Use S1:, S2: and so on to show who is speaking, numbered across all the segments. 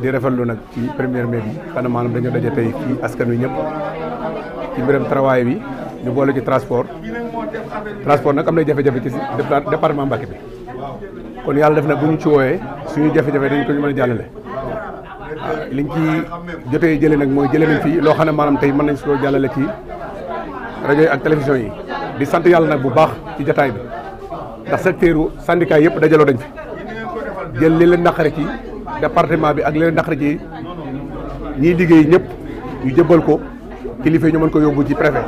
S1: di rafetlu nag ci première mai bi xanaa maanaam dañoo daje tey fii askan wi ñëpp ci mbiram travail bi ñu boole ci transport transport nag am na jafe-jafe ci département Mbacké bi kon yàlla def nag bu ñu ci wooyee suñu jafe-jafe dañ ko ñu mën a jàllale liñ ci jotee jëlee nag mooy jële nañ fii loo xam ne maanaam tey mën nañ si ko jàllale ci rajo yi ak télévision yi di sant yàlla nag bu baax ci jataay bi ndax secteur syndicat yëpp dajaloo dañ fi jël li leen naqare département bi ak leen naqari ji ñii liggéey ñëpp ñu jëbal ko kilifa ñu mën ko yóbbu ci préfet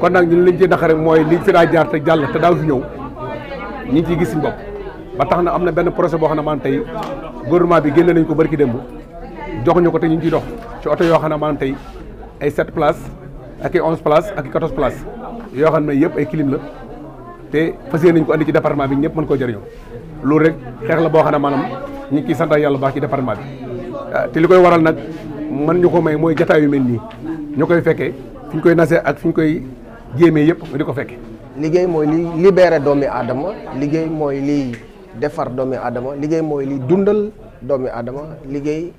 S1: kon nag ñun liñ ci naqari mooy li fi daa jaar te jàll te daal fi ñëw ñi ngi ciy gis suñu bopp ba tax na am na benn projet boo xam ne man tey gouvernement bi génne nañ ko barki démb jox ñu ko te ñu ngi ciy dox ci oto yoo xam ne man tey ay 7 place ak i 11 place ak i 14 places yoo xam ne yëpp ay clim la te fas yéene nañ ko andi ci département bi ñëpp mën koo jëriñoo loolu rek xeex la boo xam ne maanaam ñu ngi ciy santaat yàlla baax ci département bi ah, te li koy waral nag man ñu ko may mooy jataay yu mel nii ñu koy fekkee fi ñu koy nasee ak fi ñu koy jéemee yépp nga di ko fekkee.
S2: liggéey mooy liy libéré doomi aadama liggéey mooy liy defar doomi aadama liggéey mooy liy dundal doomi aadama liggéey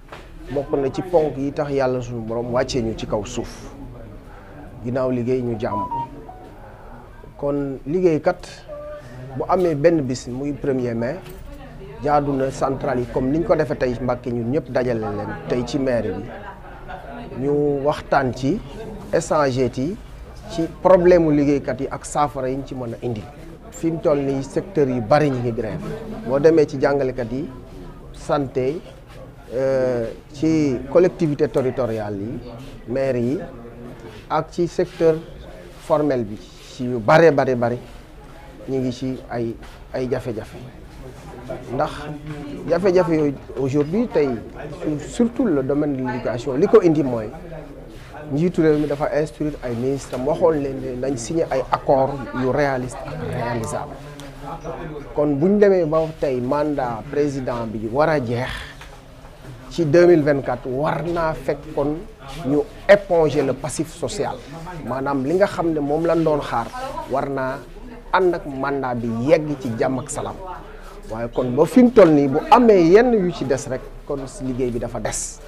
S2: bokk na ci ponk yi tax yàlla suñu borom wàccee ñu ci kaw suuf ginnaaw liggéey ñu jàmm kon liggéeykat bu amee benn bis muy premier mai jaadu na centrale yi comme niñ ko defee tey Mbàkke ñun ñëpp dajale leen tey ci maire bi ñu waxtaan ci échanger yi ci problème mu liggéeykat yi ak saafara yi ñu ci mën a indi. fi mu toll nii secteurs yu bari ñu ngi grève moo demee ci jàngalekat yi santé euh, ci collectivité territoriale yi maire yi ak ci secteur formel bi ci yu bare bare bare ñu ngi ci ay ay jafe-jafe. ndax jafe-jafe yooyu aujourd'hui tey surtout le domaine de l'éducation li ko indi mooy njiitu réew mi dafa instruire ay ministres am waxoon leen ne nañ signé ay accords yu réaliste ak réalisable kon bu demee ba tey mandat président bi war a jeex ci 2024 war naa fekk kon ñu éponger le passif sociale maanaam li nga xam ne moom lañ doon xaar war naa ànd ak mandat bi yegg ci jàmm ak salaam waaye kon ba fi mu toll nii bu amee yenn yu ci des rek kon liggéey bi dafa des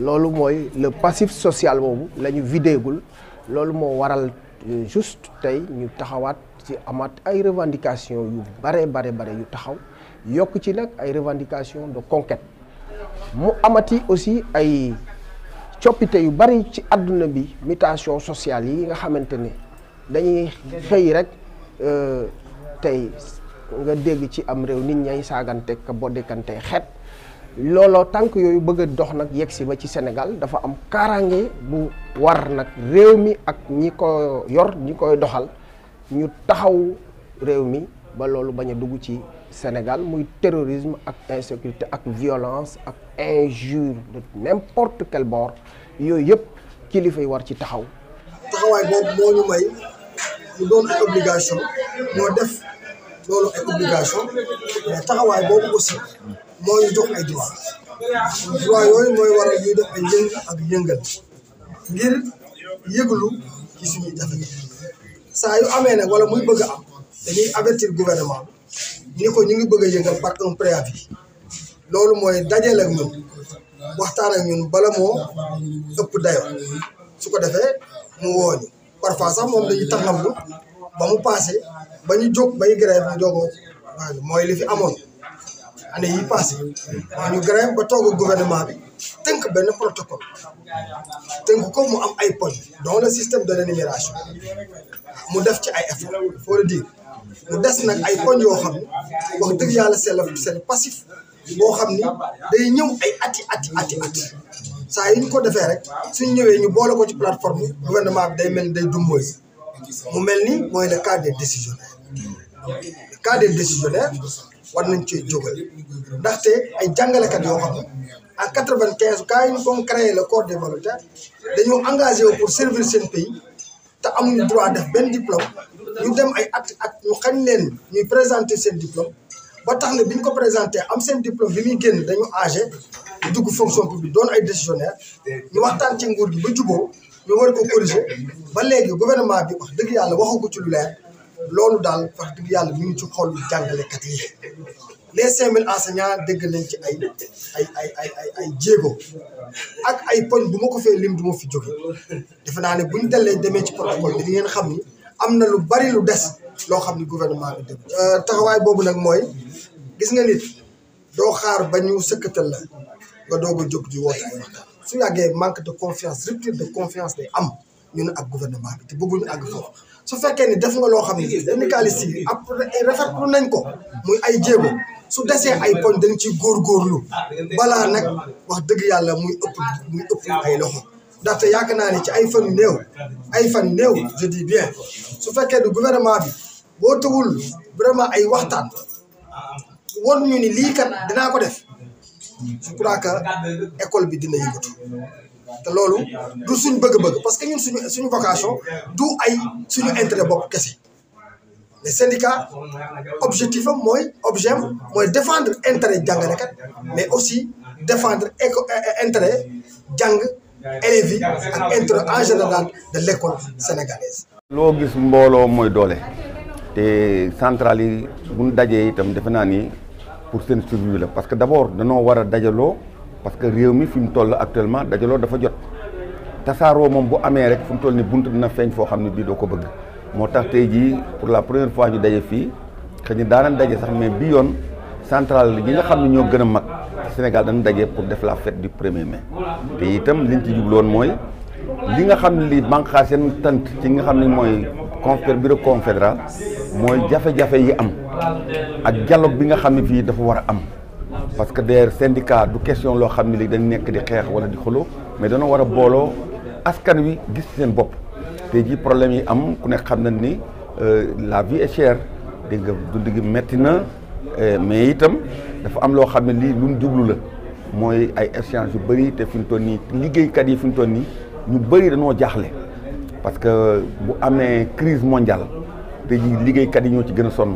S2: loolu mooy le passif social boobu lañu ñu vidéegul loolu moo waral euh, juste tey ñu taxawaat ci amaat ay revendications yu bare bare bare yu taxaw yokk ci nag ay revendications de conquête mu amati aussi ay coppite yu bari ci àdduna bi mutation sociale yi nga xamante ne dañuy xëy rek euh, tey nga dégg ci am réew nit ñay saagante ka boddikante xeet looloo tànk yooyu bëgg dox nag yegg si ba ci Sénégal dafa am kaaraange bu war nag réew mi ak ñi ko yor ñi koy doxal ñu taxaw réew mi ba loolu bañ a dugg ci Sénégal muy terrorisme ak insécurité ak violence ak injure de n'importe quel yooyu yëpp kilifay war ci taxaw.
S3: taxawaay boobu moo
S2: ñu may mu doon obligation
S3: moo def. loolu ay obligation mais taxawaay boobu aussi moo ñu jox ay droit droit yooyu mooy wara ñuy de ay yëng ak yëngal ngir yëglu saa yu amee nag wala muy bëgg a am dañuy avertir gouvernement ni ko ñu ngi bëgg a yëngal par un préavis loolu mooy dajeel ak ñun waxtaan ak ñun bala moo ëpp dayo su ko defee mu wooñu parfois sax moom dañuy taxawlu ba mu passé ba ñu jóg ba ñu grève ñu a mooy li fi amoon année yi passé ñu grève ba toog gouvernement bi tënk benn protocole tënk ko mu am ay poñ dont le système de rémunération mu def ci ay effort il faut le dire des nag ay poñ yoo xam ne wax dëgg yàlla c'est le c'est le boo xam ni day ñëw ay ati ati ati ati saa yi ñu ko defee rek suñ ñëwee ñu boole ko ci plateforme gouvernement bi day mel ni day dummoy mu mel ni mooy le cas des décisionnaires le cas des décisionnaires war nañ cee jógal ndaxte ay jàngalekat yoo xam ne en quatre vingt quinze cas yi ñu ko créé le corps des dañoo engagé wu pour servir seen pays te amuñu droit def benn diplôme ñu dem ay at at ñu xañ leen ñuy présenter seen diplôme ba tax na bi ñu ko présenté am seen diplôme bi muy génn dañu âgé dugg fonction publique doon ay décisionnaire ñu waxtaan ci nguur gi ba juboo ñu war ko corriger ba léegi gouvernement bi wax dëgg yàlla waxu ko ci lu leer loolu daal wax dëgg yàlla ñu ngi ci xolu jàngalekat yi les cinq mille enseignants dégg nañ ci ay ay ay ay ay jéego ak ay poñ bu ma ko fee lim du ma fi jóge defe naa ne buñ dellee demee ci protocole bi di ngeen xam ni am na lu bari lu des loo xam ni gouvernement bi dégg euh, taxawaay boobu nag mooy gis nga nit doo xaar ba ñu sëkkatal la nga doog a jóg di woote ay su yàggee manque de confiance rupture de confiance day am ñun ak gouvernement bi te bëgguñu àgg foofu su fekkee ni def nga loo xam ne syndicalistes yi ab rafetlu nañ ko muy ay jéego su desee ay poñ dañ ciy góorgóorlu balaa nag wax dëgg yàlla muy ëpp muy ëpp ay loxo ndaxte yaakaar naa ni ci ay fan néew ay fan néew je bien su fekkee du gouvernement bi boo tëwul vraiment ay waxtaan won ñu ni lii kat dinaa ko def je crois que école bi dina yëngatu te loolu du suñ bëgg-bëgg parce que ñun suñu suñu vocation du ay suñu intérêt bopp kese les syndicats objectif am mooy objet am mooy défendre intérêt jàngalekat mais aussi défendre éco intérêt jàng élèves yi ak intérêt en général de l' sénégalaise.
S4: loo gis mbooloo mooy doole te centrale yi bu dajee itam defe naa ni. pour seen survie la parce que dabor danoo war a dajaloo parce que réew mi fi mu toll actuellement dajaloo dafa jot tasaaroo moom bu amee rek fu mu toll ni bunt dina feeñ foo xam ne bii doo ko bëgg moo tax tey jii pour la première fois ñu daje fii xëy na daanañ daje sax mais bii yoon centrale yi nga xam ne ñoo gën a mag Sénégal dañu daje pour def la fête di premier mai te itam liñ ci jubloon mooy li nga xam ne li banqaas seen tant ci nga xam ni mooy bureau confédéral mooy jafe-jafe am ak dialogue bi nga xam ne fii dafa war a am parce que d'ailleurs syndicat du question loo xam ne lii dañ nekk di xeex wala di xuloo mais dana war a booloo askan wi gis seen bopp tey jii problème yi am ku nekk xam na ni euh, la vie est chère dégg nga dund gi metti na euh, mais itam dafa am loo xam ne lii lu mu jublu la mooy ay échange yu bëri te fi mu toll nii liggéeykat yi fi mu toll nii ñu bëri dañoo jaaxle parce que bu amee crise mondiale te ji liggéeykat yi ñoo ci gën a sonn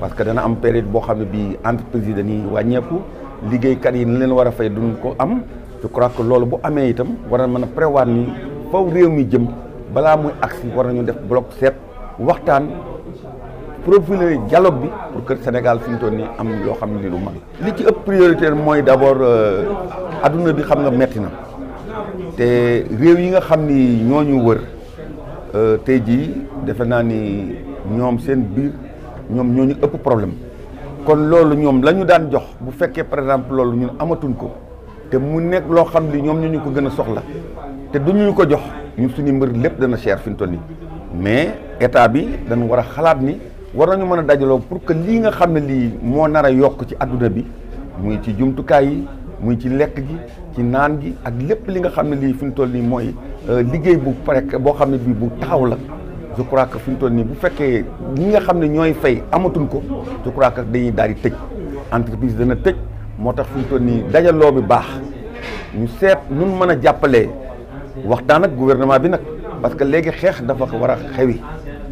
S4: parce que dana am période boo xam ne bii entreprise yi dañuy wàññeeku liggéeykat yi ni leen war a fay duñ ko am je crois que loolu bu amee itam war na mën a prévoir ni faw réew mi jëm balaa muy agsi war nañu def bloc seet waxtaan profiler dialogue bi pour que Sénégal fi mu toll nii am loo xam ne lu mag li ci ëpp prioritaire mooy d'abord euh, adduna bi xam nga metti na te réew yi nga xam ni ñoo ñu wër euh, tey jii defe naa ni ñoom seen biir. ñoom ñoo ñu ëpp problème kon loolu ñoom lañu daan jox bu fekkee par exemple loolu ñun amatuñ ko te mu nekk loo xam ni ñoom ñoo ñu ko gën a soxla te du ñu ko jox ñu ñun suñu mbër lépp dana cher fi mu toll nii mais état bi dañu war a xalaat ni war nañu mën a dajaloo pour que lii nga xam ne lii moo nar a yokk ci àdduna bi muy ci jumtukaay yi muy ci lekk gi ci naan gi ak lépp li nga xam ne lii fi mu toll nii mooy euh, liggéey bu pare boo xam ne bii bu taxaw la. je crois que fi mu toll nii bu fekkee ñi nga xam ne ñooy fay amatuñ ko je que dañuy daal di tëj entreprise dana tëj moo tax fi nii dajaloo bi baax ñu seet nun mën a jàppale waxtaan ak gouvernement bi nag parce que léegi xeex dafa war a xewi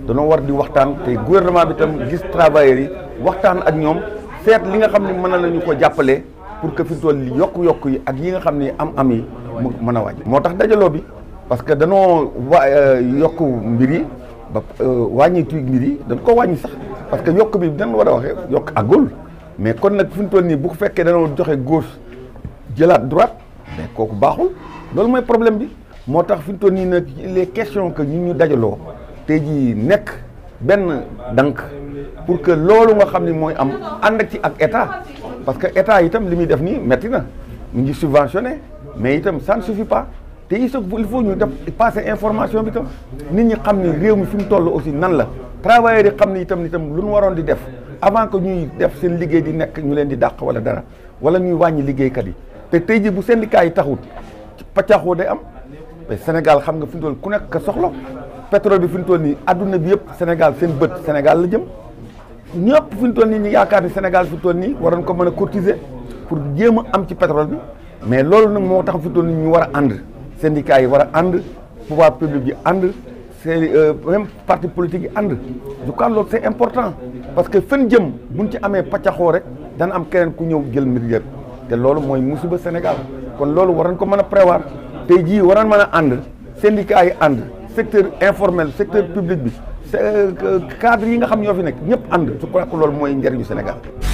S4: danoo war di waxtaan te gouvernement bi tam gis travailleurs yi waxtaan ak ñoom seet li nga xam ne mën a nañu ko jàppale pour que fi mu toll nii yokku yi ak yi nga xam ni am-am yi mu mën a wàññi. moo tax dajaloo bi parce que danoo wa euh, yokk ba euh, wàññi tuuti mbir yi dañ koo wàññi sax parce que yokk bi dañ war a waxee yokk àggul mais kon nag fi toll nii bu ko fekkee dañoo joxe gauche jëlaat droite mais kooku baaxul loolu mooy problème bi moo tax fi mu toll nii nag les question que ñun ñu dajaloo tey jii nekk benn dank pour que loolu nga xam ne mooy am ànd ci ak état parce que état yitam li muy def nii métti na mu ngi subventionné mais itam ça ne suffit pas. te il faut ñu def passer information bi tam nit ñi xam ni réew mi fi mu toll aussi nan la travailleurs yi xam ni itam itam lu ñu waroon di def avant que ñuy def seen liggéey di nekk ñu leen di dàq wala dara wala ñuy wàññi liggéey liggéeykat yi te tey ji bu seen syndicat yi taxut paccaxoo day am mais Sénégal xam nga fi mu toll ku nekk soxla pétrole bi fi mu toll nii adduna bi yëpp Sénégal seen bët Sénégal la jëm ñëpp fi mu toll nii ñu yaakaar ni Sénégal fi mu nii waroon ko mën a cotiser pour jéem a am ci pétrole mais loolu nag moo tax fi mu toll nii war a ànd syndicats yi war a ànd pouvoir public yi ànd seen euh, même parti politique yi ànd du kan loolu c'est important parce que fen jëm buñ ci amee paccaxoo rek dana am keneen ku ñëw jël mbir yëpp te loolu mooy musiba Sénégal kon loolu war waran ko mën a prévoir tey jii waran mën a ànd syndicats yi ànd secteur informel secteur public bi euh, cadre yi nga xam ñoo fi nekk ñëpp ànd je loolu mooy njëriñu Sénégal